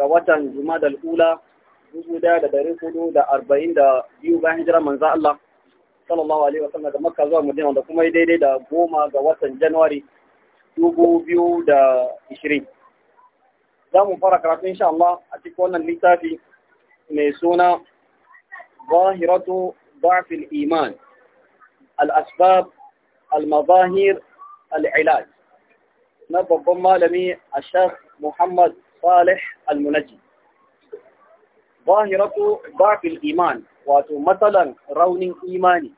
ga watan da arba'in da biyu bayan hijirar manzo Allah sallallahu alaihi wasallam daga Makka zuwa Madina da kuma daidai da goma ga watan January 2020 za mu fara karatu insha Allah a cikin wannan littafi mai suna Zahiratu ضعف الإيمان الأسباب المظاهر na babban malami a الشيخ محمد salih al-munaji zahiratu ba'il iman wato matsalan raunin imani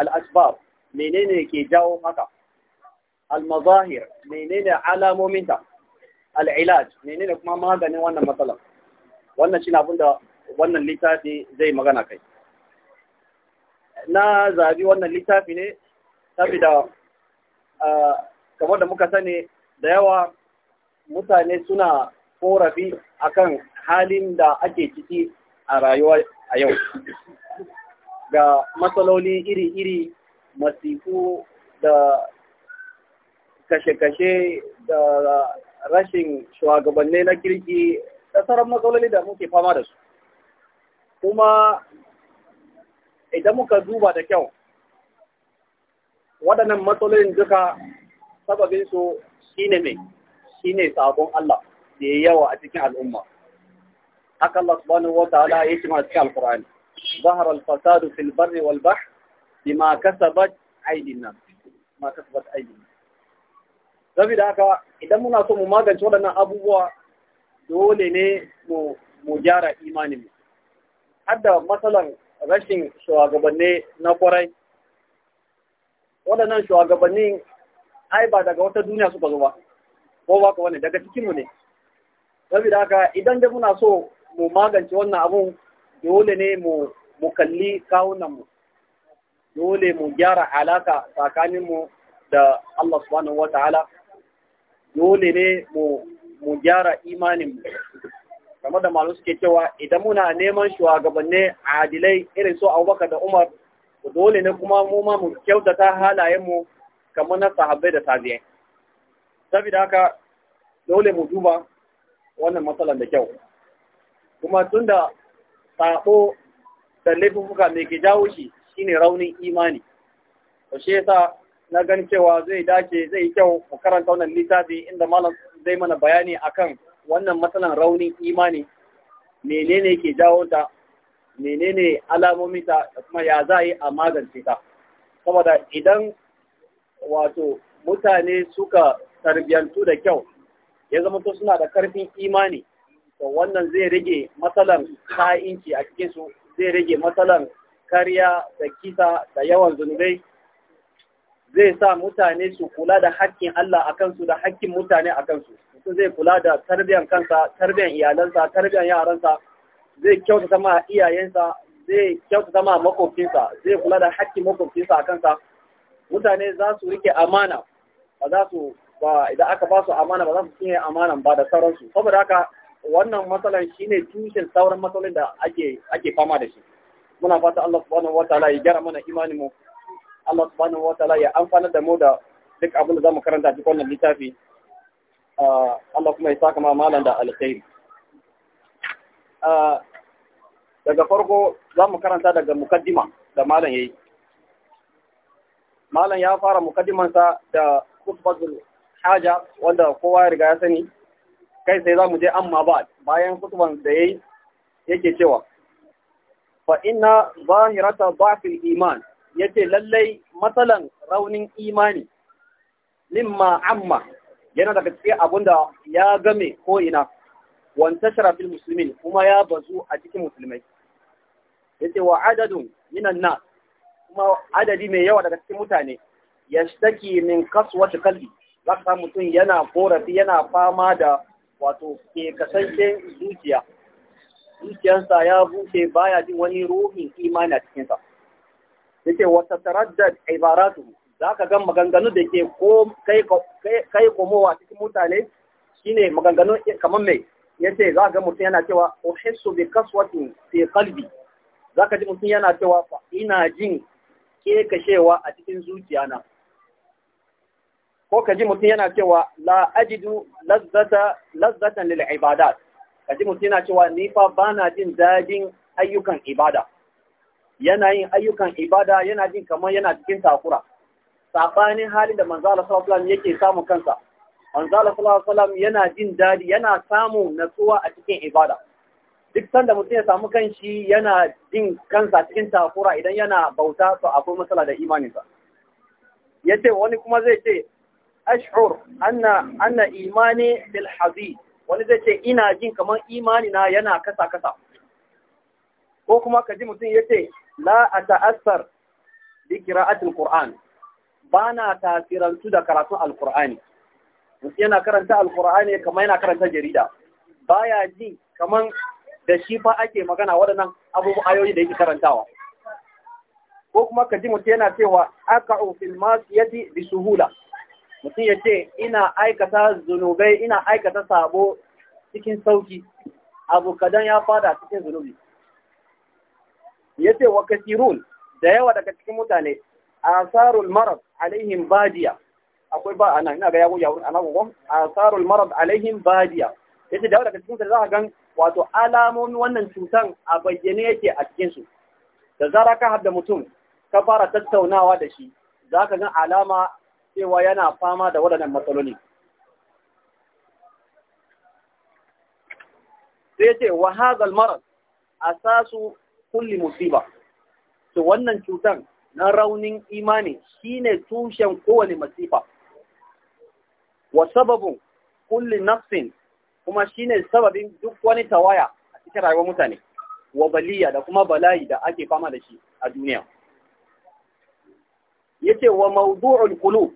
al-asbab menene ke jawo haka al-mazahir menene alamominta al-ilaj menene kuma maganin wannan matsalan wannan shi abinda wannan littafi zai magana kai na zabi wannan littafi ne saboda ah, kamar da muka sani da yawa mutane suna korafi kan halin da ake ciki a rayuwa a yau ga matsaloli iri-iri masifu da kashe-kashe da rashin shugabanni na kirki da sauran matsaloli da muke fama da su kuma idan muka duba da kyau waɗannan matsalolin duka sababinsu shine mai ne sabon Allah da ya yawa a cikin al'umma haka Allah subhanahu wa ta'ala ya ce ma cikin alqur'ani ظهر الفساد في البر والبحر بما كسبت أيدي الناس ما aidin nan. Zabi da haka idan muna so mu magance waɗannan abubuwa dole ne mu gyara imanin mu hadda matsalan rashin shugabanni na kwarai waɗannan shugabanni ai ba daga wata duniya suka zo ba ko ka wani daga cikinmu ne saboda haka idan da muna so mu magance wannan abun dole ne mu kalli kawunanmu dole mu gyara alaka tsakaninmu da Allah subhanahu wa ta'ala dole ne mu gyara imaninmu kamar da malu suke cewa idan muna neman shugabanni adilai irin su abubakar da umar dole ne kuma mu ma mu kyautata halayenmu kamar na sahabbai da tabi'ai saboda haka dole mu duba wannan matsalan da kyau kuma tun da sabo da laifuka mai ke jawo shi shine raunin imani to shi yasa na gani cewa zai dace zai yi kyau mu karanta wannan littafi inda malam zai mana bayani akan wannan matsalan raunin imani menene ke jawo ta menene alamomi ta kuma ya za yi a magance ta saboda idan wato mutane suka tarbiyantu da kyau ya zama to suna da karfin imani to wannan zai rage matsalan ka'inci a cikin su zai rage matsalan kariya da kisa da yawan zunubai zai sa mutane su kula da haƙƙin Allah a kansu da haƙƙin mutane a kansu mutum zai kula da tarbiyan kansa tarbiyan iyalansa tarbiyan yaransa zai kyautata ma iyayensa zai kyautata ma makofinsa, zai kula da haƙƙin makofinsa a kansa mutane za su rike amana ba za su ba idan aka ba su amana ba za su cinye amanan ba da sauransu saboda haka wannan matsalan shine tushen sauran matsalolin da ake ake fama da shi muna fata Allah subhanahu wataala ya gyara mana imani mu Allah subhanahu wataala ya amfana da mu da duk abin da zamu karanta cikin wannan littafi ah, Allah kuma ya saka ma da alkhairi ah, daga farko zamu karanta daga mukaddima da malan yayi malan ya fara mukaddimansa da khutbatul haja wanda kowa ya riga ya sani kai sai za mu je amma ba bayan kutuban da yayi yake cewa fa inna zahirata ba'fil iman yace lallai matsalan raunin imani limma amma yana daga cikin abunda ya game ko ina wanta fil muslimin kuma ya bazu a cikin musulmai yace wa adadun minan nas kuma adadi mai yawa daga cikin mutane yashtaki min kaswati kalbi za mutum yana korafi yana fama da wato ke kasance zuciya zuciyarsa ya bushe baya jin wani ruhin imani a cikinsa yake wata taraddad ibaratu za ka gan maganganu da ke kai komowa cikin mutane shine maganganu kamar mai ya ce za ga mutum yana cewa uhissu bi kaswatin fi qalbi za ka ji mutum yana cewa ina jin kekashewa a cikin zuciya na ko ka ji mutum yana cewa la ajidu lazzata lazzatan lil ibadat ka ji mutum yana cewa ni fa bana jin dadin ayyukan ibada yana yin ayyukan ibada yana jin kamar yana cikin takura sabanin halin da manzo Allah sallallahu alaihi wasallam yake samu kansa manzo Allah sallallahu alaihi wasallam yana jin dadi yana samu natsuwa a cikin ibada duk sanda mutum ya samu kanshi yana jin kansa cikin takura idan yana bauta to akwai matsala da imaninsa yace wani kuma zai ce ash'ur anna anna imani bil hazi wani zai ce ina jin kamar imani na yana kasa kasa ko kuma kaji mutum yace la ata'assar bi qira'atil qur'an bana tasirantu da karatun alqur'ani yana karanta alqur'ani kaman yana karanta jarida baya ji kamar da shi fa ake magana waɗannan abubuwa ayoyi da yake karantawa ko kuma kaji mutum yana cewa aka'u fil masiyati bi suhula mutum ya ce ina aikata zunubai ina aikata sabo cikin sauki abu kadan ya fada cikin zunubi ya ce wa kasirun da yawa daga cikin mutane asarul marad alaihim badiya akwai ba anan ina ga yawo yawo anan gon asarul marad alaihim badiya ce da yawa daga cikin mutane za ka gan wato alamomin wannan cutan a bayyane yake a cikin su da zara ka hadda mutum ka fara tattaunawa da shi za ka gan alama cewa yana fama da waɗannan matsaloli sai ce wa hazal sa asasu kulli musiba to wannan cutan na raunin imani shine tushen kowane masifa wa sababin kulli nafsin kuma shine sababin duk wani tawaya a cikin rayuwar mutane wa baliya da kuma bala'i da ake fama da shi a duniya yace wa maudu'ul kulub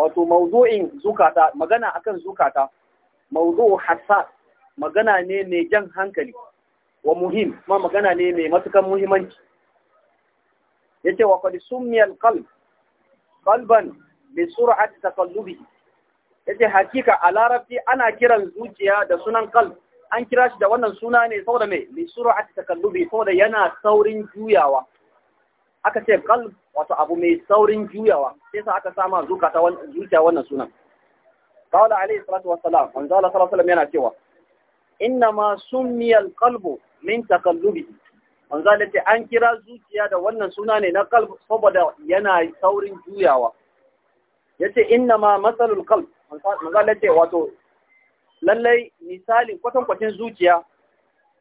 wato mawdu'in zukata magana akan zukata mawdu'u hassas magana ne mai jan hankali wa muhim ma magana ne mai matukan muhimmanci yace wa qad summiya al qalban bi sur'ati Ya yace hakika a larabci ana kiran zuciya da sunan qalb an kira shi da wannan suna ne saboda mai bi sur'ati taqallubi saboda yana saurin juyawa aka ce kal wato abu mai saurin juyawa sai sa aka sama zukata zuciya wannan sunan qala alayhi salatu wassalam manzo Allah sallallahu alaihi yana cewa inna ma summiya alqalbu min taqallubi manzo Allah ce an kira zuciya da wannan suna ne na qalb saboda yana saurin juyawa yace inna ma masalul qalb manzo Allah ce wato lallai misali kwatankwacin zuciya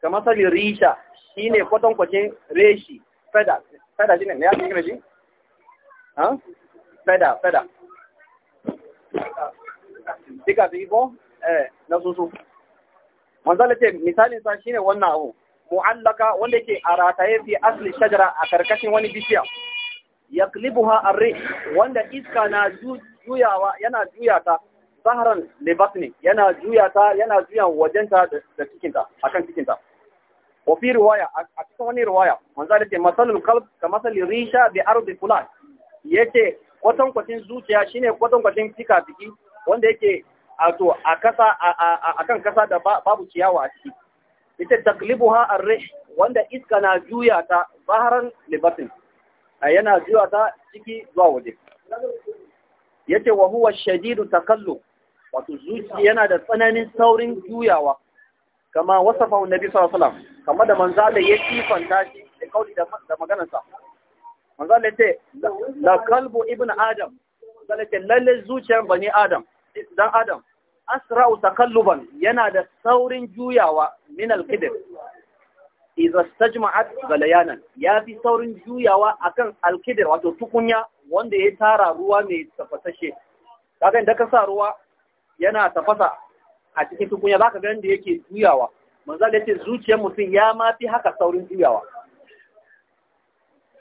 ga masalin risha shine kwatankwacin reshi feda Feda shi ne, ya fi Dika fi Eh, na susu. Manzala ce misalin sa shine wannan abu. Mu'allaka wanda ke a rataye fi asli shajara a karkashin wani bishiya. Yaklibuha arri wanda iska na juyawa yana juya ta zaharan yana juya ta yana wajenta da cikinta akan cikinta. wa fi riwaya a cikin wani riwaya ce masalul qalb ka masalin risha bi ardi fulan yace kwatan kwatin zuciya shine kwatan kwatin fika fiki wanda yake to a kasa akan kasa da babu ciyawa a ciki yace taklibuha ar-rih wanda iska na juya ta baharan libatin yana juya ta ciki zuwa waje yace wa shadidu takallub wato zuci yana da tsananin saurin juyawa kama wasafa annabi sallallahu alaihi wasallam kamar da manzo ya sifanta shi da kauli da da maganar sa manzo ce la kalbu ibnu adam zalake lalle zuciyar bani adam dan adam asra'u takalluban yana da saurin juyawa min al idza stajma'at galayanan ya fi saurin juyawa akan kan wato tukunya wanda ya tara ruwa mai tafasashe kaga da ka sa ruwa yana tafasa a cikin tukunya ba ka ganin da yake juyawa manzo ya ce zuciyar mutum ya ma fi haka saurin juyawa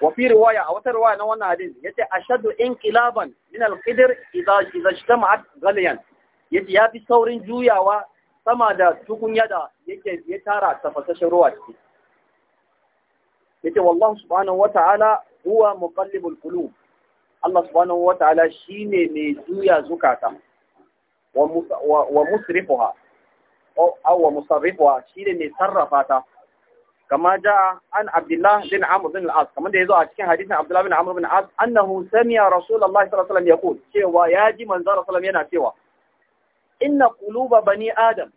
wa fi riwaya a wata riwaya na wannan hadin yace ashadu inqilaban min al-qidr idza ijtama'at ghaliyan yace ya fi saurin juyawa sama da tukunya da yake ya tara tafasashin ruwa ciki yace wallahu subhanahu wata'ala huwa muqallibul qulub Allah subhanahu wata'ala shine mai juya zukata wa musrifuha aw wa musarrifuha shine mai sarrafa ta kama ja an abdullah bin amr bin al-as kamar da yazo a cikin hadisin abdullah bin amr bin al-as annahu sami'a rasulullahi sallallahu alaihi wasallam yaqul cewa yaji manzo sallallahu yana cewa inna quluba bani adam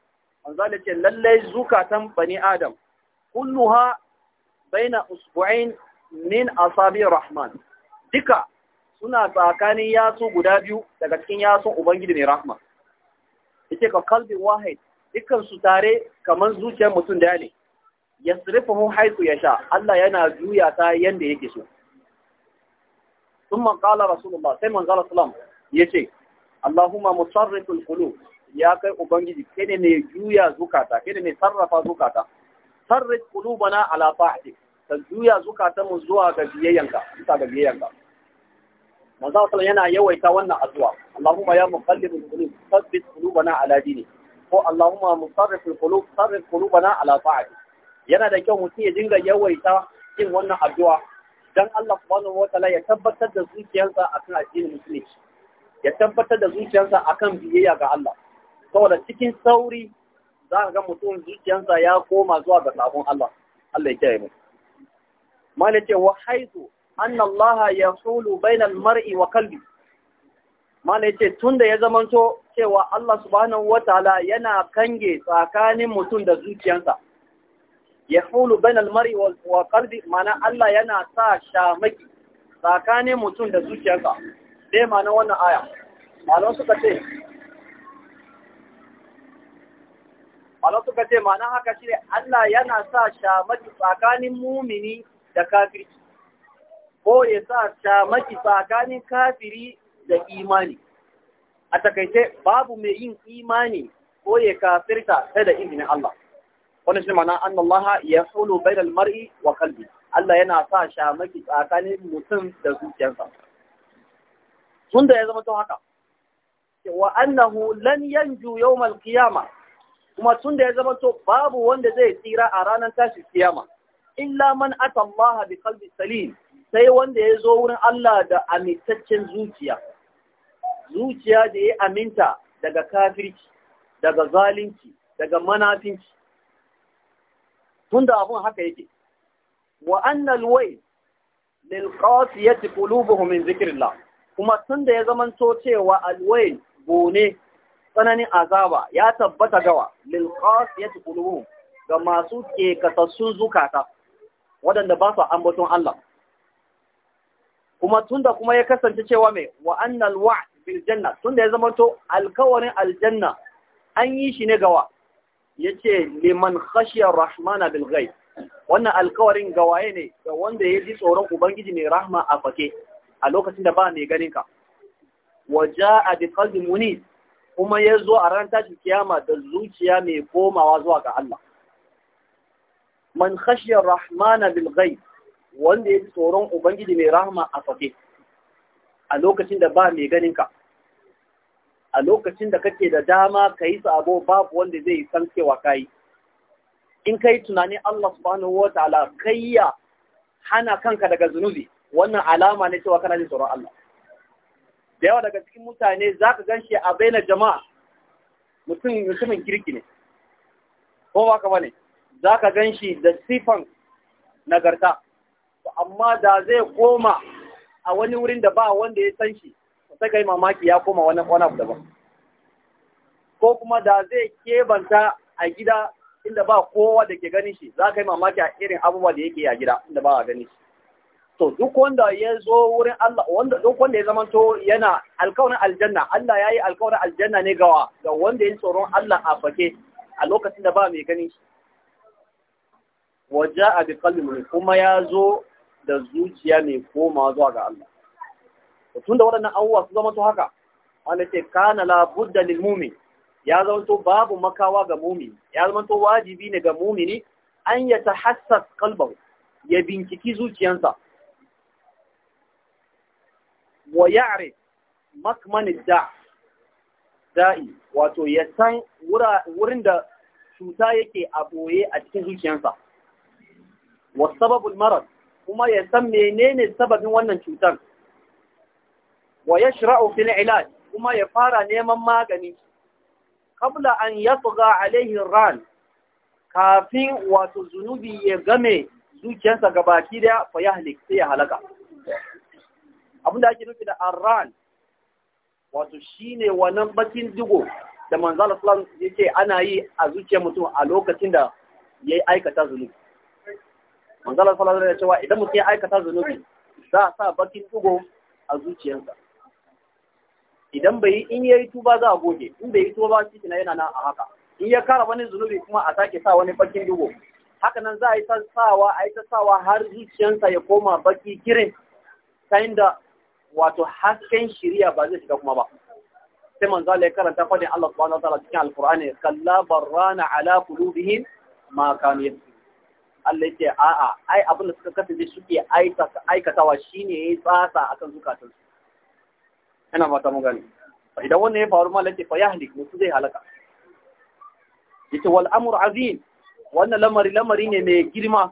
manzo da ce lallai zukatan bani adam kulluha baina usbu'ain min asabi rahman duka suna tsakanin yatsu guda biyu daga cikin yatsun ubangiji ne rahman. yake ka kalbin wahid dukkan su tare kamar zuciyar mutum da ne yasrifuhu ya sha, Allah yana juya ta yanda yake so thumma qala rasulullah sai manzo Allah sallam yace Allahumma musarriful qulub ya kai ubangiji kene ne mai juya zukata kene ne mai sarrafa zukata sarrif qulubana ala ta'atik ka juya zukatan mu zuwa ga biyayanka. bisa ga biyayyanka manzo sallallahu yana yawaita wannan addu'a Allahumma ya muqallibul qulub thabbit qulubana ala dinik ko Allahumma musarrifil qulub sarrif qulubana ala ta'atik yana da kyau mutum ya dinga yawaita yin wannan addu'a dan Allah subhanahu ta'ala ya tabbatar da zuciyarsa akan addinin musulunci ya tabbatar da zuciyarsa akan biyayya ga Allah saboda cikin sauri za ka ga mutum zuciyarsa ya koma zuwa ga sabon Allah Allah ya kiyaye mu mallake ce wa haizu anna Allah ya hulu bainan mar'i wa kalbi mana yace da ya zamanto cewa Allah subhanahu wataala yana kange tsakanin mutum da zuciyarsa ya hulu bainan mar'i wa kalbi mana Allah yana sa shamaki tsakanin mutum da zuciyarsa dai mana wannan aya malon suka ce malon suka ce mana haka shi Allah yana sa shamaki tsakanin mumini da kafirci ko ya sa shamaki tsakanin kafiri da imani a takaice babu mai yin imani ko ya kafirta sai da izinin Allah wani shi mana an Allah ya hulu bainal mar'i wa kalbi Allah yana sa shamaki tsakanin mutum da zuciyarsa tun da ya zama to haka wa annahu lan yanju yawmal qiyamah kuma tun da ya zama to babu wanda zai tsira a ranar tashi kiyama illa man atallaha bi qalbi salim sai wanda ya zo wurin Allah da amintaccen zuciya, zuciya da ya aminta daga kafirci, daga zalunci, daga manafinci. Tunda abin haka yake, wa annal wai lil qasiyati qulubuhum min zikrillah kuma tunda ya zamanto cewa alwai gone tsananin azaba ya tabbata gawa lil ya qulubuhum ga masu ke kasassun zukata waɗanda ba su ambaton Allah kuma tunda kuma ya kasance cewa mai wa annal wa'd bil janna tunda ya zama to alkawarin aljanna an yi shi ne gawa yace liman khashiya rahmana bil ghaib wannan alkawarin gawaye ne ga wanda ya ji tsoron ubangiji mai rahma a fake a lokacin da ba mai ganin ka waja'a bi qalbi munib kuma ya zo a ran tashi kiyama da zuciya mai komawa zuwa ga Allah man khashiya rahmana bil ghaib wanda ya fi tsoron Ubangiji mai rahama a sake, a lokacin da ba mai ganinka, a lokacin da kake da dama ka yi sabo babu wanda zai san cewa ka yi. In ka yi tunanin Allah subhanahu wa ta'ala kayya hana kanka daga zunubi, wannan alama ne cewa kana jin tsoron Allah. Da yawa daga cikin mutane za ka gan shi a baina jama'a mutumin kirki ne, ko ba ka bane, za ka gan shi da sifan nagarta. amma da zai koma a wani wurin da ba wanda ya san shi sai kai mamaki ya koma wani wani abu daban ko kuma da zai kebanta a gida inda ba kowa da ke ganin shi za ka yi mamaki a irin abubuwa da yake a gida inda ba a ganin shi to duk wanda ya zo wurin Allah wanda duk wanda ya zama to yana alkawarin aljanna Allah ya yi alkawarin aljanna ne gawa ga wanda ya tsoron Allah a fake a lokacin da ba mai ganin shi waja a bi kalmi kuma ya zo da zuciya mai koma zuwa ga Allah tun da waɗannan abubuwa su zama to haka wanda ce kana la budda lil mumi ya zama babu makawa ga mumi. ya zama to wajibi ne ga ne an ya hassas kalbar ya binciki zuciyansa wa ya'rif makmanin da da'i wato ya san wurin da cuta yake a boye a cikin zuciyansa Wasu sababin marar kuma ya san menene sababin wannan cutar wa yashra'u fil ilaj kuma ya fara neman magani kabla an yatga alaihi ran kafin wato zunubi ya game zuciyarsa gabaki da fa ya halik sai ya halaka abinda ake nufi da arran wato shine wannan bakin digo da manzala sallallahu alaihi wasallam ana yi a zuciyar mutum a lokacin da yayi aikata zunubi manzala sallallahu alaihi cewa idan mutum ya aikata zunubi za a sa bakin dugo a zuciyarsa idan bai in yayi tuba za a goge in bai yi tuba ba shi yana nan a haka in ya kara wani zunubi kuma a sake sa wani bakin dugo haka nan za a yi ta sawa a yi ta sawa har zuciyarsa ya koma baki kirin ta inda wato hasken shiriya ba zai shiga kuma ba sai manzo Allah ya karanta fadin Allah subhanahu wa ta'ala cikin alqur'ani kalla ala qulubihim ma kanu Allah yake a'a ai abin da suka kasance suke aikatawa shine yayi tsasa akan zukatansu ina fata mun gani idan wannan ya faru mallan ce fa yahlik mutu zai halaka yace wal amru azim wannan lamari lamari ne mai girma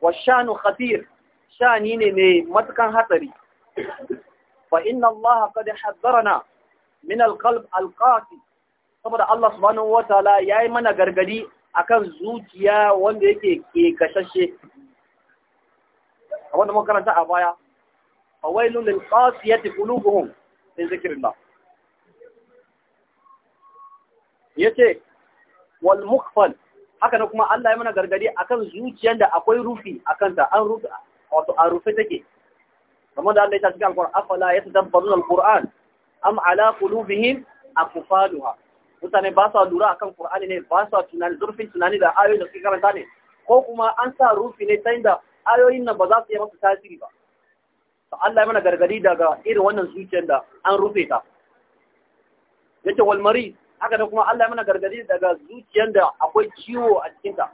wa shanu khatir shani ne mai matukan hatsari fa inna Allah qad hadarana min al qalb al qasi saboda Allah subhanahu wataala yayi mana gargadi akan zuciya wanda yake ke kashashe a wanda makaranta a baya fawailun lil qasiyati qulubuhum min zikrillah yace wal mukhfal haka ne kuma Allah ya mana gargadi akan zuciyar da akwai rufi akan ta an rufe wato an rufe take kamar da Allah ya cikin alquran afala yatadabbaruna alquran am ala qulubihim akfaluha mutane ba sa lura akan Qur'ani ne ba sa tunani zurfin tunani da ayoyi da suke karanta ne ko kuma an sa rufi ne ta inda ayoyin nan ba za su yi masa tasiri ba to Allah ya mana gargadi daga irin wannan zuciyar da an rufe ta yace wal mari haka da kuma Allah ya mana gargadi daga zuciyar da akwai ciwo a cikin ta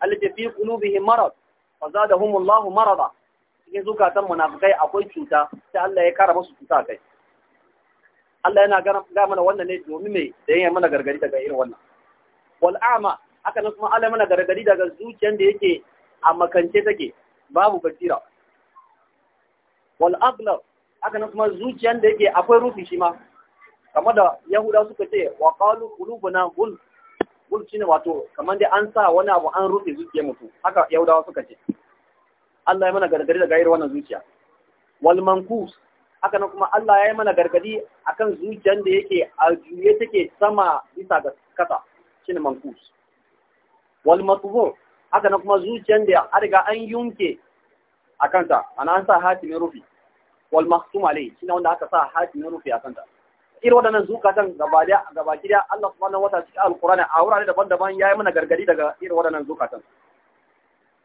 Allah ya fi qulubihim marad fa zadahumullahu marada cikin zukatan munafikai akwai cuta sai Allah ya kara musu cuta kai Allah yana ga mana wannan ne domin me da yayin mana gargadi daga irin wannan wal a'ma haka nan kuma Allah mana gargadi daga zuciyar da yake a makance take babu basira wal aqla haka nan kuma zuciyar da yake akwai rufi shi ma kamar da Yahuda suka ce wa qalu qulubuna gul gul shine wato kamar dai an sa wani abu an rufe zuciyar mutum haka Yahudawa suka ce Allah ya mana gargadi daga irin wannan zuciya wal mankus haka nan kuma Allah ya yi mana gargadi akan zuciyar da yake a juye take sama bisa ga kasa shine mankus wal matbu haka nan kuma zuciyar da an riga an yunke a kanta ana an sa hatimin rufi wal mahsum alai shine wanda aka sa hatimin rufi a kanta irin waɗannan zukatan gaba da gaba kida Allah subhanahu wata cikin alqur'ani a wurare daban-daban ya yi mana gargadi daga irin waɗannan zukatan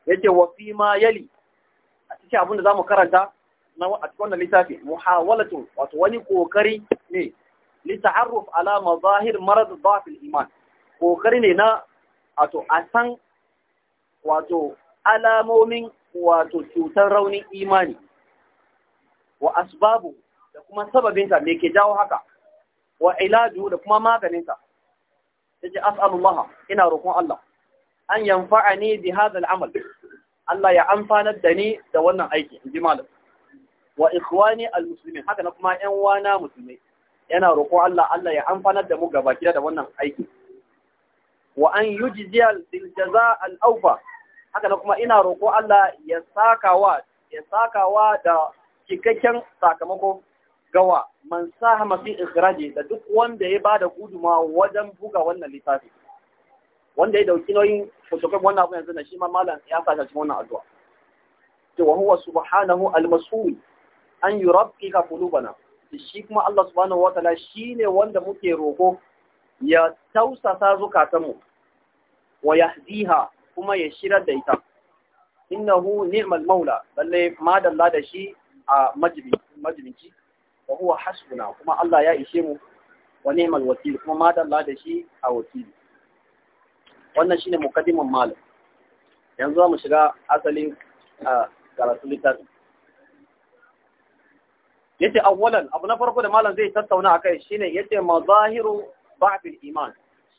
yace wa fi ma yali a cikin abin da zamu karanta na a cikin wannan littafi muhawalatu wato wani kokari ne lita'arruf ala mazahir marad dhaf iman kokari ne na wato a san wato alamomin wato cutar raunin imani wa asbabu da kuma ta me ke jawo haka wa ilaju da kuma maganinta yace as'alullaha ina roƙon Allah an yanfa'ani bi hadha amal Allah ya amfanar da ni da wannan aiki in ji malam wa ikhwani al-muslimin haka na kuma ƴan wana musulmai yana roƙo Allah Allah ya amfanar da mu gaba kida da wannan aiki wa an yujziya bil jaza al awfa haka na kuma ina roƙo Allah ya sakawa ya da cikakken sakamako gawa man sahama fi ikhraji da duk wanda ya bada guduma wajen buga wannan littafi wanda ya dauki nauyin fotokop wannan abu yanzu na shi ma malam ya saka shi wannan addu'a to wa huwa subhanahu al-mas'ul an yi ka kulu bana. shi kuma Allah subhanahu shi ne wanda muke roko ya tausasa zukatanmu wa yahdiha kuma ya shirar da ita innahu ni'mal maula balle madalla da shi a majibi majibinci wa huwa hasbuna kuma Allah ya ishe mu wa ni'mal wakil kuma madalla da shi a wakili wannan shine mukaddimin malam yanzu za mu shiga asalin ah, karatu littafin yace awwalan abu na farko da malam zai tattauna akai shine yace mazahiru ba'dil iman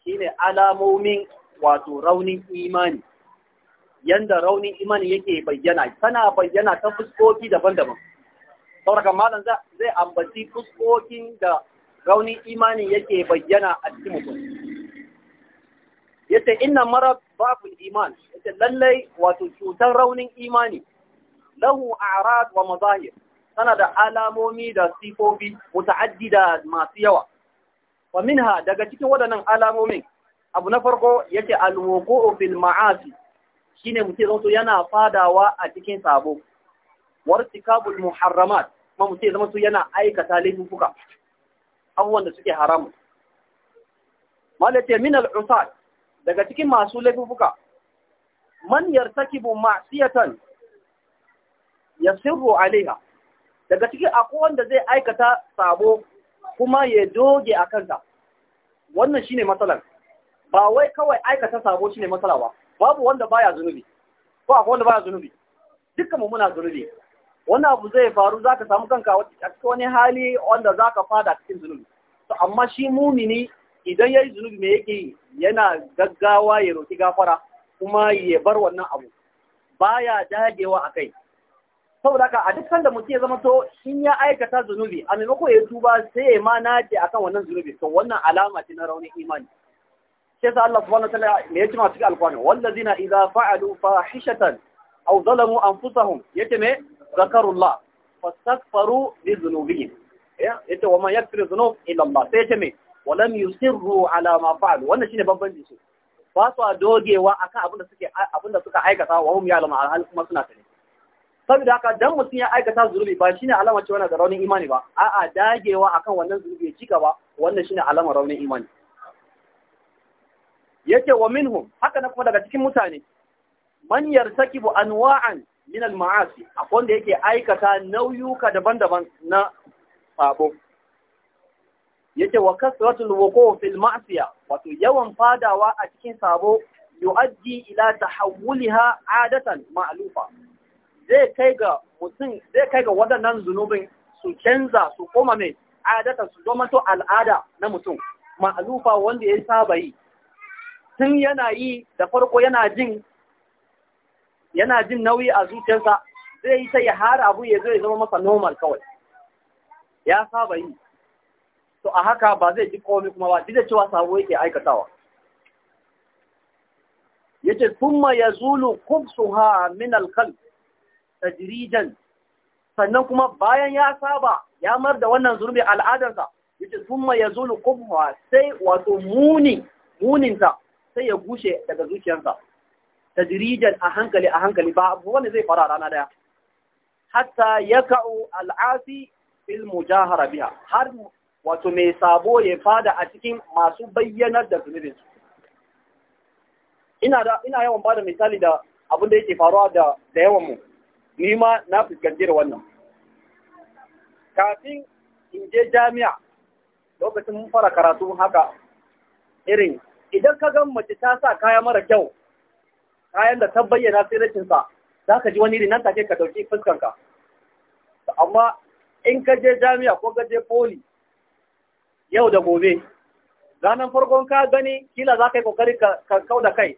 shine alamomin wato raunin imani yanda raunin imani yake bayyana tana bayyana ta fuskoki daban-daban saboda malam zai ambaci fuskokin da raunin imani yake bayyana a cikin mutum yace inna marad babu iman yace lallai wato cutar raunin imani lahu a'rad wa mazahir tana da alamomi da sifofi muta'addida masu yawa wa minha daga cikin waɗannan alamomin abu na farko yake alwoko ofin fil shi shine mutu zama yana fadawa a cikin sabo mu muharramat kuma mutum zama su yana aikata laifin fuka, abubuwan da suke haramu malaka min al daga cikin masu laifin fuka, man yartakibu ma'siyatan yasirru alaiha daga ciki akwai wanda zai aikata sabo kuma ya doge a kanta wannan shine matsalar ba wai kawai aikata sabo shine matsala ba babu wanda baya zunubi ko akwai wanda baya zunubi dukkan mu muna zunubi wannan abu zai faru zaka samu kanka a cikin wani hali wanda zaka fada cikin zunubi to amma shi mumini idan yayi zunubi me yake yana gaggawa ya roki gafara kuma ya bar wannan abu baya dagewa akai saboda haka a duk sanda mutum ya zama to in ya aikata zunubi a maimako ya tuba sai ya ma nace akan wannan zunubi to wannan alama ce na raunin imani sai sa Allah subhanahu wataala ta'ala me yace ma cikin alqur'ani wallazina idza fa'alu fahishatan aw zalamu anfusahum yace me zakarullah fastaghfaru li dhunubihim yace wa man yaghfiru dhunub illa Allah sai yace me wa lam yusirru ala ma fa'alu wannan shine babban dinsu ba su dogewa akan abin da suke abin da suka aikata wa hum ya'lamu alhal kuma suna sani saboda haka dan mutum ya aikata zunubi ba shine alamar cewa yana da raunin imani ba a'a dagewa akan wannan zunubi ya cika ba wannan shine alamar raunin imani yake wa minhum haka na kuma daga cikin mutane man yartakibu anwa'an min al-ma'asi akwai wanda yake aikata nauyuka daban-daban na sabo yake wa kasratul wuqu' fil ma'siya wato yawan fadawa a cikin sabo yu'addi ila tahawwulha 'adatan ma'lufa zai kai ga mutum zai kai ga waɗannan zunubin su canza su koma mai adata su zama to al'ada na mutum ma'alufa wanda ya saba yi tun yana yi da farko yana jin yana jin nauyi a zuciyarsa zai yi ta ya har abu ya zai zama masa normal kawai ya saba yi to a haka ba zai ji komai kuma ba duk da cewa sabo yake aikatawa yace thumma yazulu kubsuha min al-qalb tajrijan sannan kuma bayan ya saba ya mar da wannan zurbi al'adarsa yace thumma yazulu qubha sai wato muni muninta sai ya gushe daga zuciyarsa tajrijan a hankali a hankali ba abu wanda zai fara rana daya hatta yaka'u al'asi fil mujahara biha har wato mai sabo ya fada a cikin masu bayyanar da zunubinsu ina yawan ba da misali da abin da yake faruwa da yawan mu ni ma na fuskanci da wannan kafin in je jami'a lokacin mun fara karatu haka irin idan ka ga mace ta sa kaya mara kyau kayan da ta bayyana sai rashin sa za ka ji wani irin nan take ka dauki fuskanka amma in ka je jami'a ko ka je poli yau da gobe ranar farkon ka gani kila za ka yi kokari ka kauda kai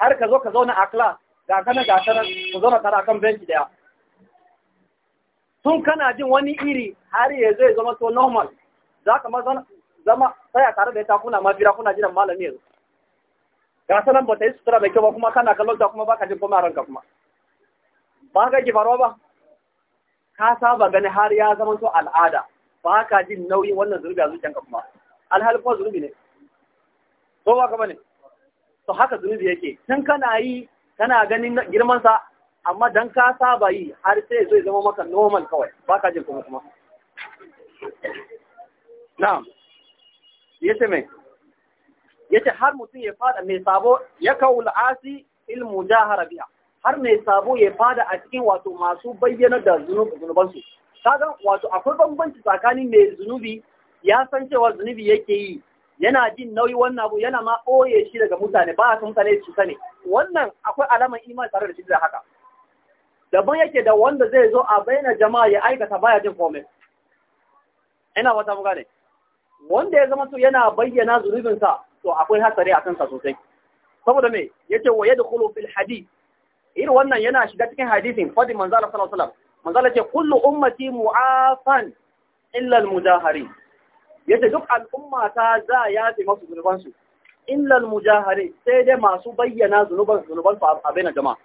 har ka zo ka zauna a class ga kana ga kana ku zauna tare akan benci daya tun kana jin wani iri har ya zai zama to normal za ka ma zama tsaya tare da ita kuna ma jira kuna jiran malami yanzu ga sanan ba ta yi sutura mai kyau ba kuma kana kallon ta kuma baka jin komai a ranka kuma ba ka ki faruwa ba ka saba gani har ya zama to al'ada ba ka jin nauyin wannan zurbi a zuciyanka kuma alhali kuma zurbi ne ko ba ka bane to haka zunubi yake tun kana yi kana ganin girmansa amma dan ka saba yi har sai zai zama maka normal kawai ba ka jin kuma kuma na'am yace mai yace har mutum ya fada mai sabo ya kaula asi il mujahara biya har mai sabo ya fada a cikin wato masu bayyana da zunuban su kaga wato akwai bambanci tsakanin mai zunubi ya san cewa zunubi yake yi yana jin nauyi wannan abu yana ma ɓoye shi daga mutane ba su mutane su sani wannan akwai alamar iman tare da shi da haka daban yake da wanda zai zo a bayyana jama'a ya aikata baya jin komai ina wata mu gane wanda ya zama su yana bayyana zunubinsa to akwai hatsari a kansa sosai saboda me yace wa yadkhulu fil hadith irin wannan yana shiga cikin hadisin fadi manzala sallallahu alaihi wasallam manzala ce kullu ummati mu'afan illa al-mujahiri yace duk al'umma ta za a yafe masu zunubansu illal mujahare sai dai masu bayyana zunuban zunuban su a bayan jama'a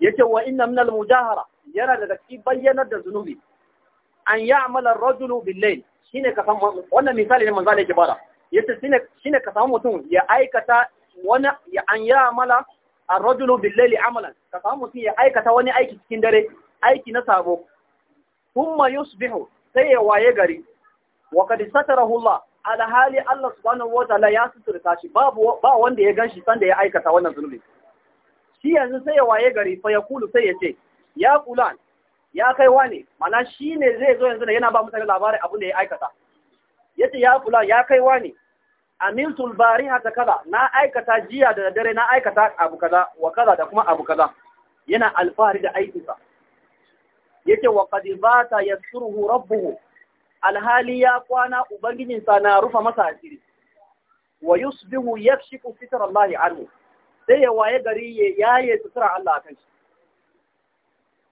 yace wa inna min al mujahara yana daga cikin bayyanar da zunubi an yi ar-rajulu bil-layl shine ka samu wannan misali ne manzo yake bada yace shine shine ka samu mutum ya aikata wani ya an ya'mala ar-rajulu bil amalan ka samu mutum ya aikata wani aiki cikin dare aiki na sabo kuma yusbihu sai ya waye gari wa satara satarahu Allah alhali Allah subhanahu wataala ya suturta shi babu ba wanda ya ganshi sanda ya aikata wannan zunubi shi yanzu sai ya waye gari fa yaqulu sai ya ce ya fulan ya kai wane mana shi ne zai zo yanzu yana ba mutane labarin abin da ya aikata yace ya fulan ya kai wane amiltul barihata kaza na aikata jiya da dare na aikata abu kaza wa kaza da kuma abu kaza yana alfahari da aikinsa yake wa qad bata yasruhu rabbuhu alhali ya kwana ubangijinsa na rufa masa asiri wa yusbihu yakshifu sitr Allah anhu sai ya waye gari ya yaye sutura Allah kan shi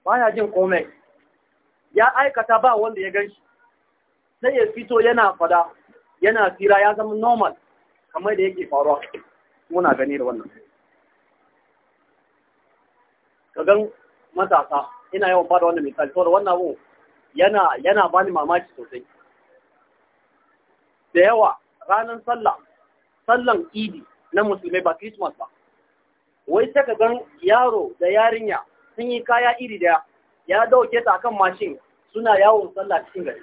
baya jin komai ya aikata ba wanda ya ganshi sai ya fito yana fada yana fira ya zama normal kamar da yake faruwa muna gani da wannan gan matasa ina yawan bada wannan misali saboda wannan abu yana yana bani mamaki sosai da yawa ranar sallah sallan idi na musulmai ba christmas ba wai saka gan yaro da yarinya sun yi kaya iri daya ya dauke ta akan mashin suna yawon sallah cikin gari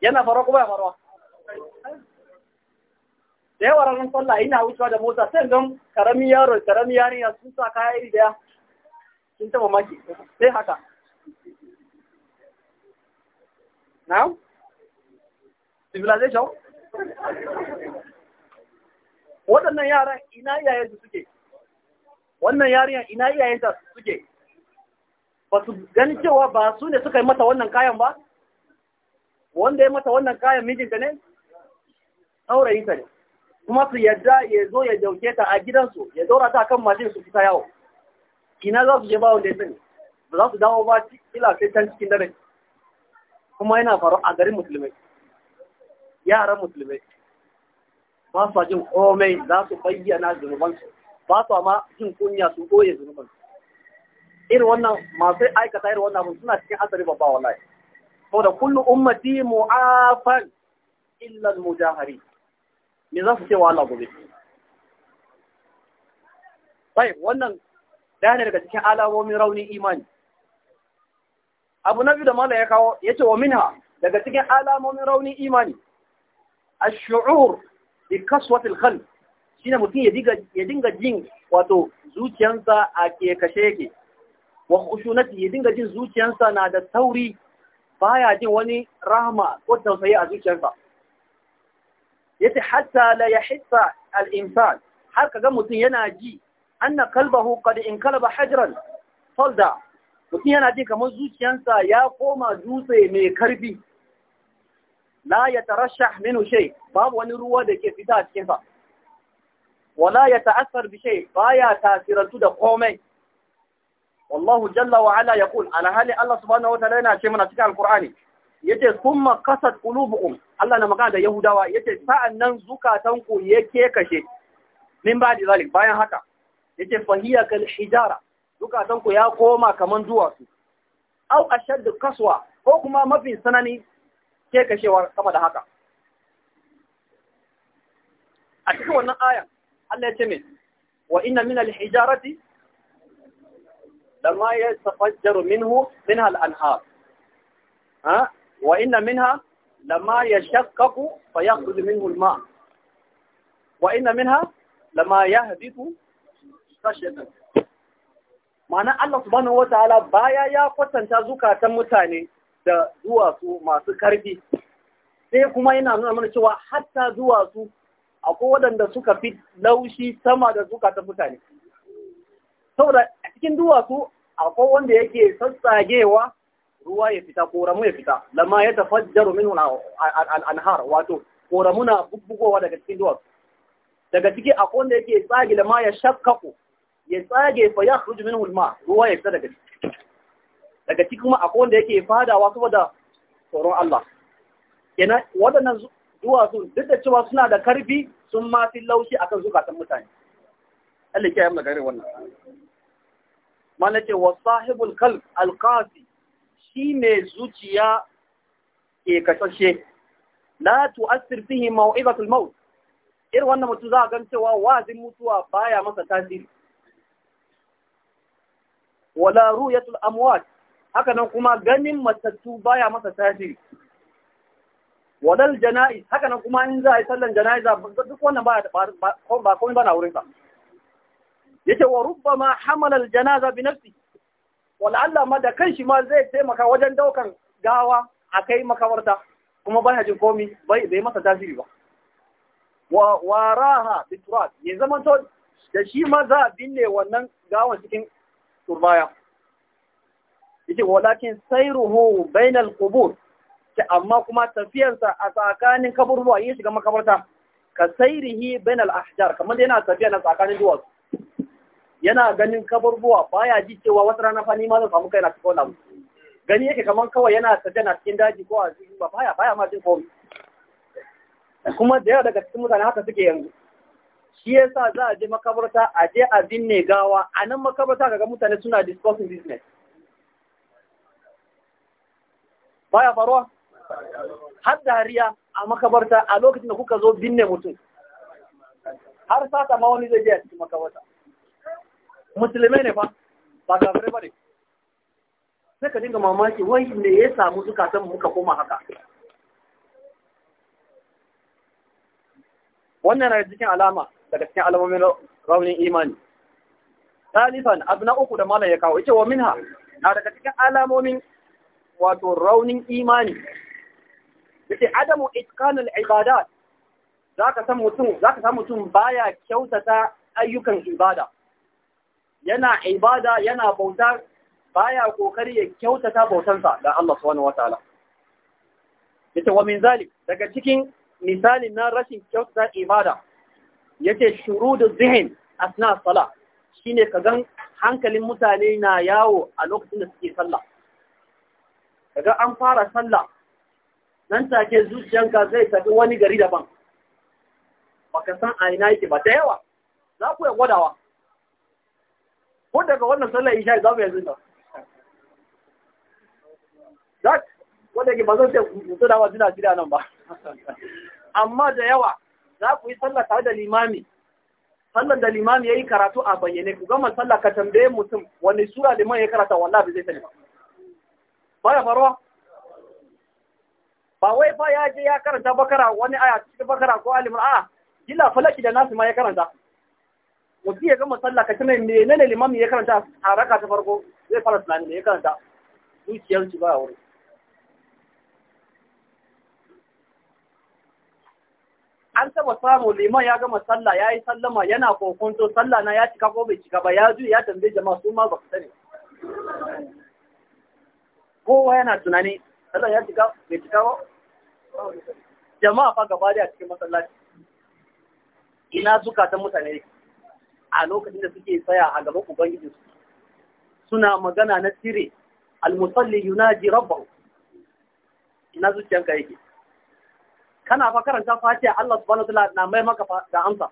yana faruwa kuma ya faruwa da yawa ranar sallah ina wucewa da mota sai gan karamin yaro karamin yarinya sun sa kaya iri daya sun taba maki sai haka Now? Civilization? Waɗannan yaran ina iyayensu suke? Wannan yariyan ina iyayensa suke? Ba su gani cewa ba su ne suka yi mata wannan kayan ba? Wanda ya mata wannan kayan mijinta ne? ta ne. Kuma su yadda ya zo ya dauke ta a gidansu, ya daura ta kan mashin su fita yawo. Ina za su je ba wanda ya sani, ba za su dawo ba kila sai can cikin dare. kuma yana faru a garin musulmai yaran musulmai ba su jin komai za su bayyana zunubansu ba su ma jin kunya su koye zunubansu irin wannan masu aikata irin wannan abin suna cikin asali babba wallahi da kullu ummati mu'afan illa al ne me za su ce wa Allah gobe sai wannan dana daga cikin alamomin rauni imani abu na biyu da mala ya kawo ya ce wa minha daga cikin alamomin rauni imani a shuur bi kaswatil qalb shine mutum ya dinga ya dinga jin wato zuciyansa a ke kashe yake wa khushunati ya dinga jin zuciyarsa na da tauri baya jin wani rahma ko tausayi a zuciyarsa yace hatta la yahissa al-insan har kaga mutum yana ji anna qalbahu qad inqalaba hajran falda mutum yana ji kamar zuciyansa ya koma dutse mai karfi la ya Rasha minu shai babu wani ruwa da ke fita a cikinsa wala ya ta'assar bi ba baya tasirantu da komai wallahu jalla wa ala yaqul ala hali Allah subhanahu wa ta'ala yana ce mana cikin alqur'ani yace summa qasat qulubuhum Allah na magana da Yahudawa yace nan zukatan ku yake kashe min ba da zalik bayan haka yace fahiya kal hijara zukatanku ya koma kamar duwatsu, au ƙashar da kasuwa ko kuma mafi sanani ke kashewar sama da haka. A cikin wannan ayan, Allah ya ce min, wa ina min alhijarati, da ma ya tafajar minhu min al’anha, wa ina min ha, da ma ya shakaku fa ya kuzi min hulma, wa ina min ha, da ma ya habitu, ta shekaru. ma'ana Allah subhanahu ta'ala baya ya kwatanta zukatan mutane da duwatsu masu karfi sai kuma yana nuna mana cewa hatta duwatsu akwai waɗanda suka fi laushi sama da zukatan mutane saboda a cikin duwatsu akwai wanda yake sassagewa ruwa ya fita koramu ya fita lamma ya tafajjaru minhu al-anhar wato koramu na bubbugowa daga cikin duwatsu daga ciki akwai wanda yake tsagi lamma ya shakkaku ya tsage fa ya khruju minhu alma ruwa ya fita daga ciki daga ciki kuma akwai wanda yake fadawa saboda tsoron Allah kenan waɗannan duwatsu duk da cewa suna da karfi sun ma fi laushi akan zukatan mutane Allah ya yi wannan mana wa sahibul kalb alqasi shi mai zuciya ke kasashe la tu'athir fihi maw'izatul maut irin wannan mutum za a gan cewa wazin mutuwa baya masa tasiri wala ru'yatul amwat haka nan kuma ganin matattu baya masa tasiri walal jana'i haka nan kuma in za a yi sallan jana'iza duk wannan ba ba komai na wurin sa yace wa rubbama hamala al janaza bi nafsi wala Allah ma da kanshi ma zai taimaka wajen daukan gawa akai makawarta kuma baya jin komi bai bai masa tasiri ba wa waraha bi turat ya zama to da shi ma za a binne wannan gawan cikin turbaya yace walakin sairuhu bainal qubur ta amma kuma tafiyarsa a tsakanin kaburbuwa ya shiga makabarta ka sairihi bainal ahjar kamar da yana tafiya na tsakanin duwatsu yana ganin kaburbuwa baya ji cewa wata rana fa ni ma zan samu kaina cikin wannan gani yake kamar kawai yana tafiya na cikin daji ko a cikin ba baya baya ma jin komai kuma da yawa daga cikin mutane haka suke yanzu shi yasa za a je makabarta a je a binne gawa a nan makabarta kaga mutane suna discussing business baya faruwa har dariya a makabarta a lokacin da kuka zo binne mutum har sata ma wani zai je a cikin makabarta musulmai ne fa ba kafirai ba ne sai ka dinga mamaki wai me ya samu san muka koma haka wannan na cikin alama daga cikin alamomin raunin imani talifan abu na uku da malam ya kawo ita wa minha na daga cikin alamomin wato raunin imani yace adamu ibada za ka san mutum ka san mutum baya kyautata ayyukan ibada yana ibada yana bauta baya kokari ya kyautata bautansa ga Allah subhanahu wataala yace wa min zalik daga cikin misalin na rashin kyautata ibada yake shurudu zihin asna sala shine kagan hankalin mutane na yawo a lokacin da suke sallah kaga an fara sallah nan take zuciyanka zai tafi wani gari daban baka san a ina yake ba da yawa za ku ya gwadawa ko daga wannan sallar isha za mu yanzu ta za wanda ke ba zan ce mutu da wa jira nan ba amma da yawa za ku yi sallah tare da limami sallan da limami yayi karatu a bayyane ku gama sallah ka tambaye mutum wani sura liman ya karata wallahi ba zai sani ba baya faruwa ba wai fa ya je ya karanta bakara wani aya cikin bakara ko alimul a gila falaki da nasu ma ya karanta mutum ya gama sallah ka tambaye menene limami ya karanta a raka ta farko zai fara tunani ne ya karanta zuciyar shi ba wuri an taba samu liman ya gama sallah ya yi sallama yana kokonto sallah na ya cika ko bai cika ba ya juya ya tambaye jama'a su ma ba su sani kowa yana tunani sallah ya cika bai cika ba jama'a fa gaba da cikin masallaci ina zukatan mutane a lokacin da suke tsaya a gaban ubangiji suna magana na sirri al-musalli yunaji rabbahu ina zuciyanka yake kana fa karanta fatiha Allah subhanahu wataala na mai maka da amsa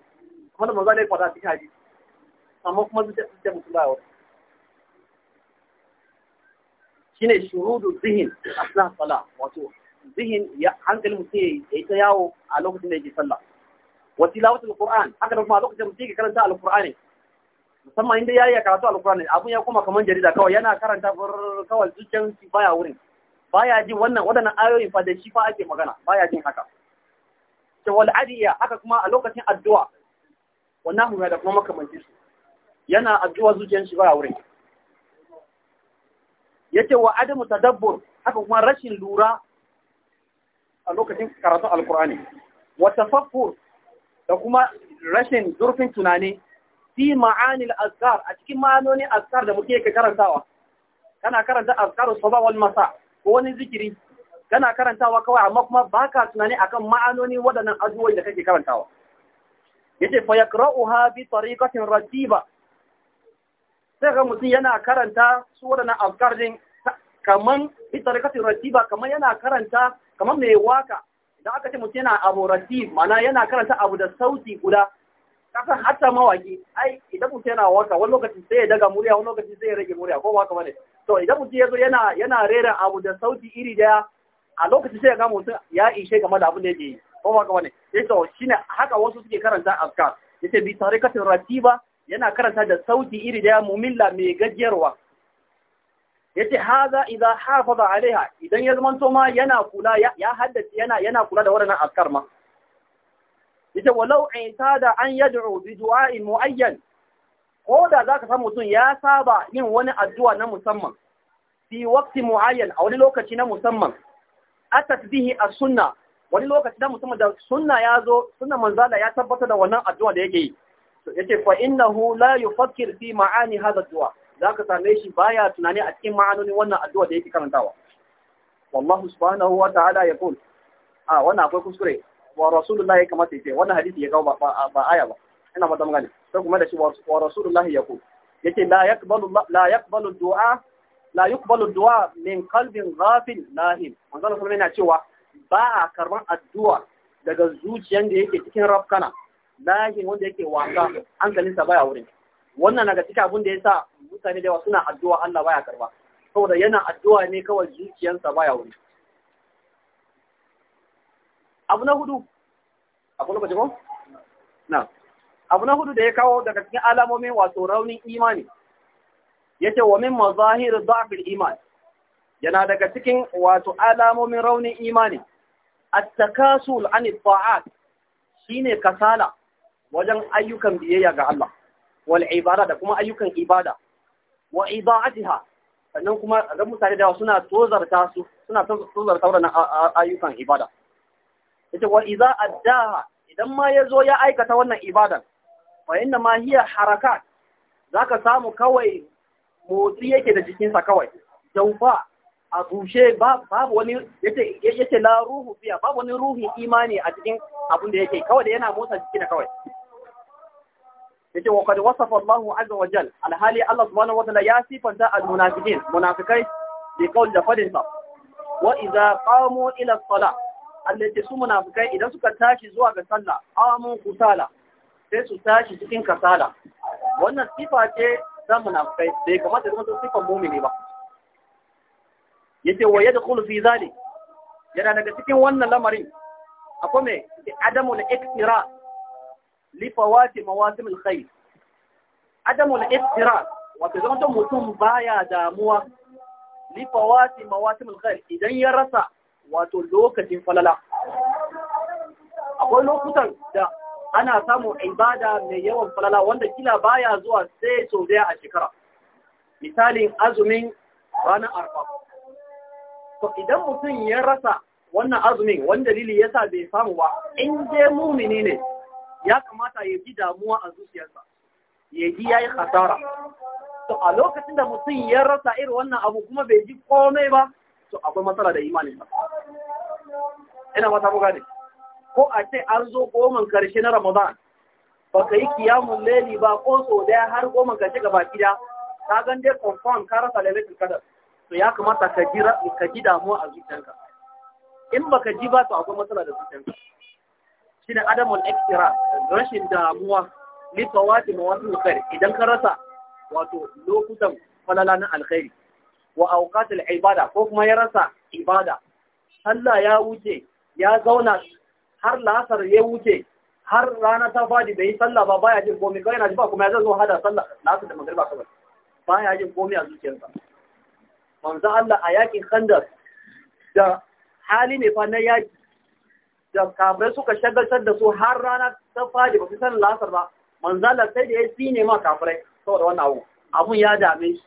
wanda manzo ne fada cikin hadisi amma kuma zuciya da musulmawa shine shurudu zihin asna sala wato zihin ya hankali mutum ya yi ta yawo a lokacin da yake sallah wa tilawatul qur'an haka da kuma a lokacin mutum yake karanta alqur'ani musamman inda yayi ya karatu alqur'ani abun ya kuma kaman jarida kawai yana karanta kawai zuciyar shi baya wurin baya jin wannan wadannan ayoyin fa da shi fa ake magana baya jin haka da wal'adiyya haka kuma a lokacin addu'a wannan hukumar da kuma makamanci su yana addu'a zuciyar shi ba wurin ce wa adamu ta tadabbur haka kuma rashin lura a lokacin karatun alkur'ani wata tafakkur da kuma rashin zurfin tunani fi ma'anil azkar a cikin ma'anonin azkar da muke karantawa kana karanta su ba wani masa ko wani zikiri kana karantawa kawai amma kuma baka tunani akan ma'anoni waɗannan azuwai da kake karantawa Ya ce fa ha bi tariqatin ratiba sai ga mutum yana karanta su waɗannan azkar kamar kaman bi tariqatin ratiba kaman yana karanta kaman mai waka idan aka ce mutum yana abu ratib mana yana karanta abu da sauti guda kasan hatta mawaki ai idan mutum yana waka wani lokaci sai ya daga murya wani lokaci sai ya rage murya ko waka haka bane to idan mutum ya zo yana yana rera abu da sauti iri daya a lokacin sai ga mutum ya ishe game da abin da yake yi ko ba ga ne sai to shine haka wasu suke karanta azkar yace bi tarikatin ratiba yana karanta da sauti iri da mumilla mai gajiyarwa yace haza idza hafaza alaiha idan ya zama ma yana kula ya haddace yana yana kula da wannan azkar ma yace walau da an yad'u bi du'a'in muayyan ko da zaka samu mutum ya saba yin wani addu'a na musamman fi waqti muayyan a wani lokaci na musamman atat bihi as-sunna wani lokaci da musamman da sunna ya zo sunna manzala ya tabbata da wannan addu'a da yake yi yace fa innahu la yufakkir fi ma'ani hadha du'a zaka same shi baya tunani a cikin ma'anonin wannan addu'a da yake karantawa wallahu subhanahu wa ta'ala yaqul a wannan akwai kuskure wa rasulullahi kama sai ce wannan hadisi ya ga ba ba aya ba ina fata magana sai kuma da shi wa rasulullahi yaqul yace la yaqbalu la yaqbalu du'a la yuqbalu du'a min qalbin ghafil lahim manzon sallallahu yana cewa ba a karban addu'a daga zuciyan da yake cikin rafkana lahin wanda yake wasa hankalinsa baya wurin wannan daga cikin abin da yasa mutane da yawa suna addu'a Allah baya karba saboda yana addu'a ne kawai zuciyansa baya wurin abu na hudu abu na ko na abu na hudu da ya kawo daga cikin alamomin wato raunin imani yace wa min mazahir dha'f al-iman yana daga cikin wato alamomin raunin imani at-takasul an at-ta'at shine kasala wajen ayyukan biyayya ga Allah wal ibada da kuma ayyukan ibada wa idaatiha sannan kuma ga mutane da suna tozarta su suna tozarta wannan ayyukan ibada yace wa idza addaha idan ma yazo ya aikata wannan ibada? fa inna ma hiya harakat zaka samu kawai motsi yake da jikinsa kawai jaufa a bushe babu wani yace la ruhu fiya babu wani ruhu imani a cikin abin da yake kawai da yana motsa jiki da kawai Ya wa qad wasafa Allahu azza wa jal alhali Allah subhanahu wa ta'ala ya sifanta almunafiqin munafikai bi qawl da fadin sa wa idza qamu ila salah allati su munafikai idan suka tashi zuwa ga sallah qamu kusala sai su tashi cikin kasala wannan sifa ce san munafikai da ya kamata zama sifan mumini ba yace wa yadkhulu fi yana daga cikin wannan lamarin a kome ke adamu na iktira li fawati mawasim al khair adamu na Ekstira wato zama mutum baya damuwa li fawati mawasim al khair idan ya rasa wato lokacin falala akwai lokutan da ana samun ibada mai yawan falala wanda kila baya zuwa sai sau daya a shekara misalin azumin ranar arfa to idan mutum ya rasa wannan azumin wani dalili yasa bai samu ba in je mumini ne ya kamata ya ji damuwa a zuciyarsa ya ji yayi hasara to a lokacin da mutum ya rasa irin wannan abu kuma bai ji komai ba to akwai matsala da imanin ba ina mata buga ko a ce an zo goma karshe na Ramadan ba ka yi kiyamun leli ba ko so daya har goma karshe gaba gida ka gan dai confirm ka rasa lailatul qadar to ya kamata ka ji ka ji damuwa a zuciyarka in baka ji ba to akwai matsala da zuciyarka shine adamul ikhtira rashin damuwa li tawati mawatin khair idan ka rasa wato lokutan falala na alkhairi wa awqatul ibada ko kuma ya rasa ibada Allah ya wuce ya zauna har lasar ya wuce har rana ta fadi bai yi sallah ba baya jin komai kawai yana ji ba kuma ya zo hada sallah la'asar da magriba kawai baya jin komai a zuciyarsa manzo Allah a yakin khandar da hali ne fa na yaki da kafirai suka shagaltar da su har rana ta fadi ba su san la'asar ba manzo Allah sai da ya ne ma kafirai saboda wannan abu abun ya dame shi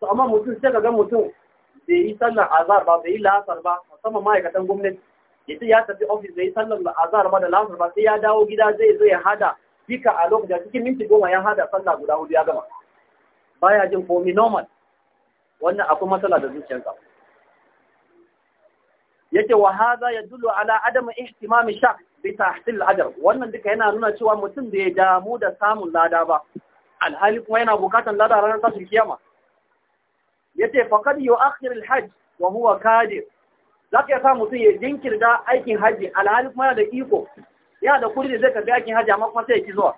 to amma mutum sai ka ga mutum bai yi sallar azhar ba bai yi lasar ba musamman ma'aikatan gwamnati ya ya tafi ofis zai sallar da azhar ma da lamar ba sai ya dawo gida zai zo ya hada fika a lokacin cikin minti goma ya hada sallah guda hudu ya gama baya jin komi normal wannan akwai matsala da zuciyarsa yake wa hadha yadullu ala adam ihtimam shak bi tahsil ajr wannan duka yana nuna cewa mutum da ya damu da samun lada ba alhali kuma yana bukatan lada ranar tashin kiyama yace faqad yu'akhir al-hajj wa huwa kadir za ka sa mutum ya jinkirta aikin hajji alhali kuma da iko yana da kuri da zai karbi aikin hajji amma kuma sai ya ki zuwa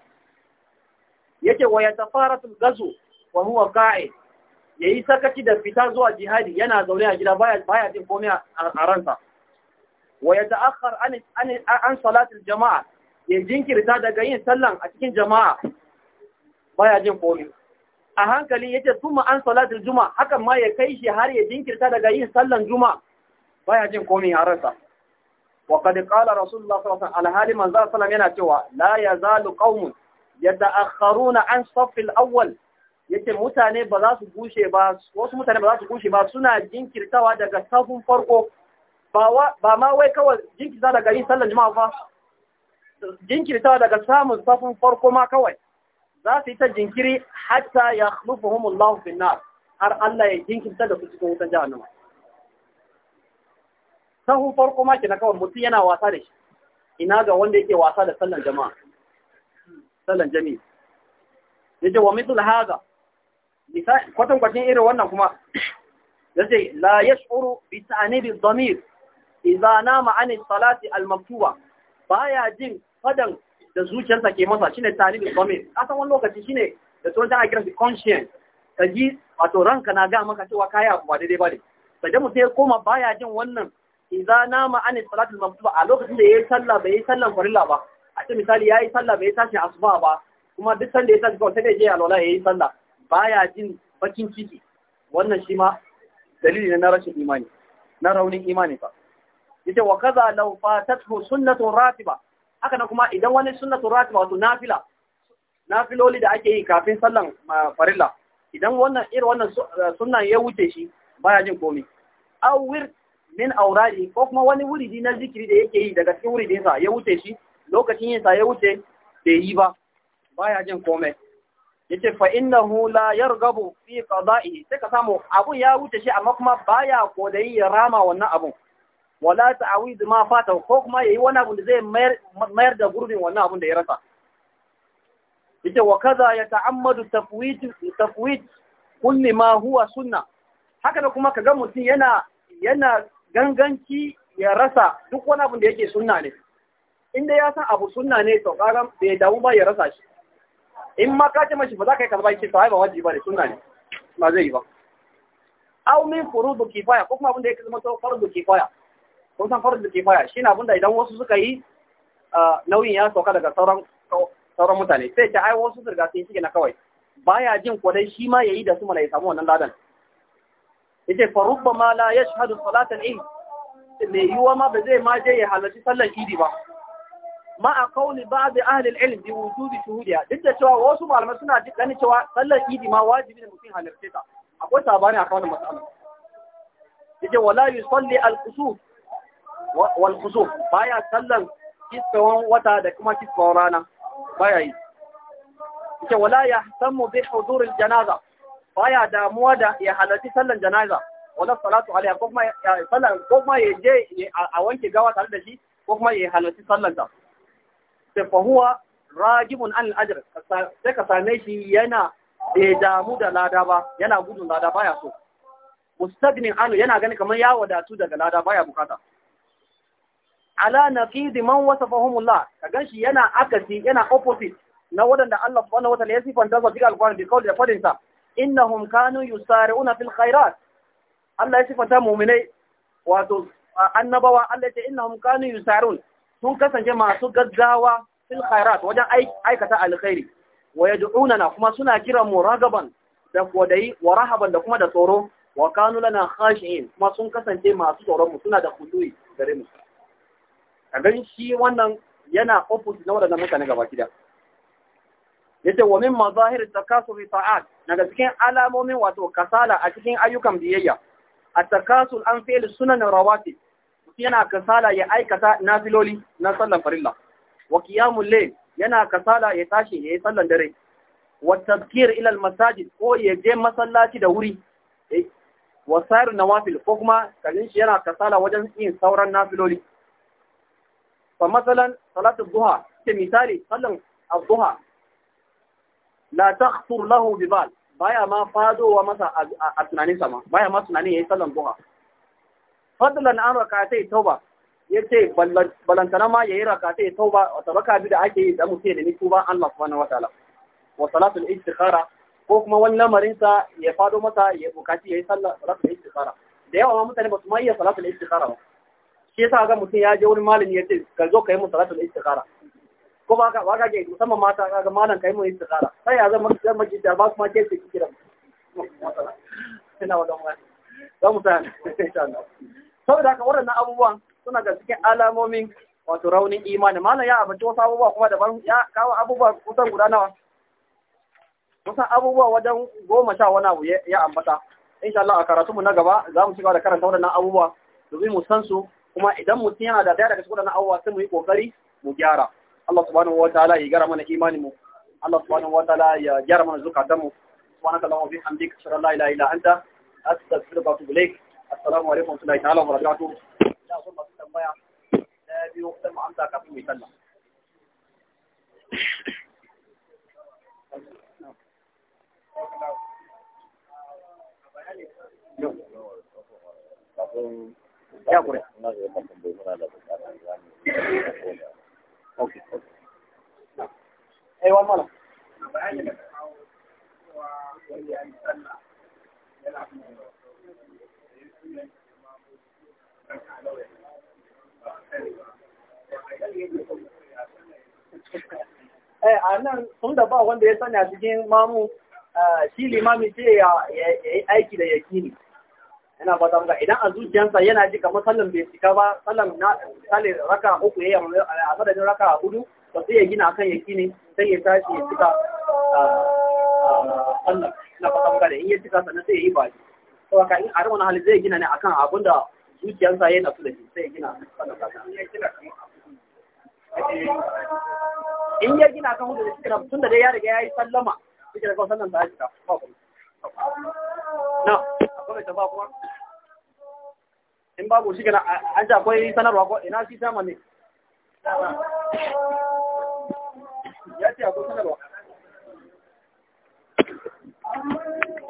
yake wa ya sun gazu wa huwa Ya yi sakaci da fita zuwa jihadi yana zaune a gida baya jin komai a ransa wa ya ta'akhkhar an an salatul jama'a ya jinkirta daga yin sallan a cikin jama'a baya jin komai a hankali yace kuma an salatul juma'a hakan ma ya kai shi har ya jinkirta daga yin sallan juma'a baya jin komai a ransa wa qad qala rasulullah sallallahu alaihi wasallam alhali manzo sallallahu yana cewa la yazalu qaumun yata'akharuna an safil awwal yace mutane ba za su gushe ba wasu mutane ba za su gushe ba suna jinkirtawa daga safin farko ba ma wai kawai jinkirta daga yin sallar jima'a ba jinkirtawa daga samun safin farko ma kawai za su yi ta jinkiri hatta ya khlufuhumullahu fin nar har Allah ya jinkirta da su cikin wutan jahannama sahu farko ma na kawai mutum yana wasa da shi ina ga wanda yake wasa da sallan jama'a sallan jami'i yace wa mithlu hadha bisa kwatan kwatin irin wannan kuma yace la yash'uru bi ta'nibi dhamir idza nama an salati al-maktuba baya jin fadan da zuciyarsa ke masa shine ta'nibi dhamir kasan wani lokaci shine da tsoron ana kiransa conscience kaji wato ranka na ga maka cewa kai abu ba daidai ba ne. sai mutum ya koma baya jin wannan idza nama an salati al-maktuba a lokacin da yayi sallah bai yi sallan farilla ba a ce misali yayi sallah bai tashi asuba ba kuma duk sanda ya tashi kawai sai je alwala yayi sallah baya jin bakin ciki wannan shi ma dalili na rashin imani na raunin imani fa yace wa kaza law fatathu sunnatu ratiba haka na kuma idan wani sunnatu ratiba wato nafila nafiloli da ake yi kafin sallan farilla idan wannan irin wannan sunnan ya wuce shi baya jin komai Awir. min auradi ko kuma wani wuridi na zikiri da yake yi daga cikin sa ya wuce shi lokacin sa ya wuce bai yi ba baya jin komai yace fa innahu la yargabu fi qada'i sai ka samu abun ya wuce shi amma kuma baya kodayi ya rama wannan abun wala ta'awid ma fata ko kuma yayi wani abun da zai mayar mayar da gurbin wannan abun da ya rasa yace wa kaza yata'ammadu tafwid tafwid kulli ma huwa sunna haka da kuma kaga mutum yana yana ganganci ya rasa duk wani abin da yake sunna ne inda ya san abu sunna ne to kaga bai damu ba ya rasa shi in ma ka ce mashi ba za ka yi kalba shi. yake to ba wajibi ba ne sunna ne ba zai yi ba aw min furudu kifaya ko kuma abin da yake zama to fardu kifaya ko san fardu kifaya shine abin da idan wasu suka yi nauyin ya sauka daga sauran sauran mutane sai ta ai wasu su riga sun shige na kawai baya jin ko dai shi ma yayi da su mana ya samu wannan ladan yace fa rubbama la yashhadu salatan eid me yiwa ma ba zai ma je ya halarci sallar idi ba ma a kauli ba'd ahli al-ilm bi wujudi shuhudiya duk da cewa wasu malamai suna dikani cewa sallar idi ma wajibi ne mutum halarce ta akwai sabani akan wannan mas'ala yace wala yusalli al-qusuf wal qusuf baya sallan kisfawan wata da kuma kisfawan rana baya yi yace wala yahtamu bi hudur al-janaza baya damuwa da ya halarci sallan janaza wala salatu alaiha ko kuma sallan ko kuma ya je a wanke gawa tare da shi ko kuma ya halarci sallan ta sai fa huwa rajibun an ajr sai ka same shi yana da damu da lada ba yana gudun lada baya so mustagnin anu yana gani kamar ya wadatu daga lada baya bukata ala naqid man wasafahumullah ka ganshi yana akasi yana opposite na wadanda Allah subhanahu wataala ya sifanta su cikin alqur'ani bi kawai da fadin sa innahum kanu yusari'una fil khairat Allah ya sifata mu'minai wato annabawa Allah ya innahum kanu yusarun sun kasance masu gaggawa fil khairat wajen aikata alkhairi wa yad'unana kuma suna kiran mu ragaban da kodayi wa rahaban da kuma da tsoro wa kanu lana khashi'in kuma sun kasance masu tsoron mu suna da khushu'i gare mu kaga shi wannan yana opposite na wadannan mutane gaba ki yace wa min mazahir takasuri ta'at daga cikin alamomin wato kasala a cikin ayyukan biyayya at-takasul an fi'l sunan rawati yana kasala ya aikata nafiloli na sallan farilla wa qiyamul layl yana kasala ya tashi ya yi sallan dare wa tadhkir ila al-masajid ko ya je masallaci da wuri eh, wa sayar nawafil ko kuma kalin shi yana kasala wajen yin sauran nafiloli fa masalan salatu duha ce misali sallan az-duha la takhtur lahu bi bal baya ma wa masa a tunanin sama baya ma tunanin yayi sallan duha fadlan an rakatai tauba yace balantana ma yayi rakatai tauba wata baka bi da ake yi da mutum da ni tuba Allah subhanahu wataala wa salatul istikhara ko kuma wani lamarin sa ya fado masa ya bukaci yayi sallah salatul istikhara da yawa ma mutane ba su ma iya salatul istikhara ba shi yasa ga mutum ya je wani malami yace ka zo ka yi mu salatul istikhara ko ba ka ba ka sama musamman mata ga malam kai mu tsara. sai ya zama zan miji da ba kuma ke su kira ina za mu san insha Allah saboda haka wannan abubuwan suna ga cikin alamomin wato raunin imani malam ya abace wasu abubuwa kuma daban ya kawo abubuwa kusan guda nawa kusan abubuwa wajen goma sha wani abu ya ambata insha Allah a karatu mu na gaba za mu cigaba da karanta wannan abubuwa domin mu san su kuma idan mutum yana da daya daga cikin wannan abubuwa sai mu yi kokari mu gyara الله سبحانه وتعالى يجرم من إيمانه الله سبحانه وتعالى يجرم من زكاة دمه سبحانك اللهم في حمدك شر الله إلا إلا أنت أستغفرك وأتوب إليك السلام عليكم ورحمة الله تعالى وبركاته لا ظلم في السماء لا يقسم عنك كفي مثلنا Yeah, yeah. yeah. yeah. yeah. yeah. yeah. yeah. اوكي اوكي نعم a nan tun da wanda ya sanya jikin mamu shi limami ce ya aiki da yakini yana ba ta idan a zuciyarsa yana ji kamar sallan bai shiga ba sallan na sallan raka uku yayi a madadin raka hudu ba sai ya gina akan yaki ne sai ya tashi ya cika sallan ina ba ta muka in ya cika sannan sai ya yi baki to haka in a rawan hali zai gina ne akan abin da zuciyarsa ya nasu da shi sai ya gina sallan in ya gina kan hudu da shi tun da dai ya riga ya yi sallama shi da kawai sallan ta cika ba kuma na mai tambaya kuma in babu shi gana an ce akwai sanarwa ko ina shi sama ne ya ce akwai sanarwa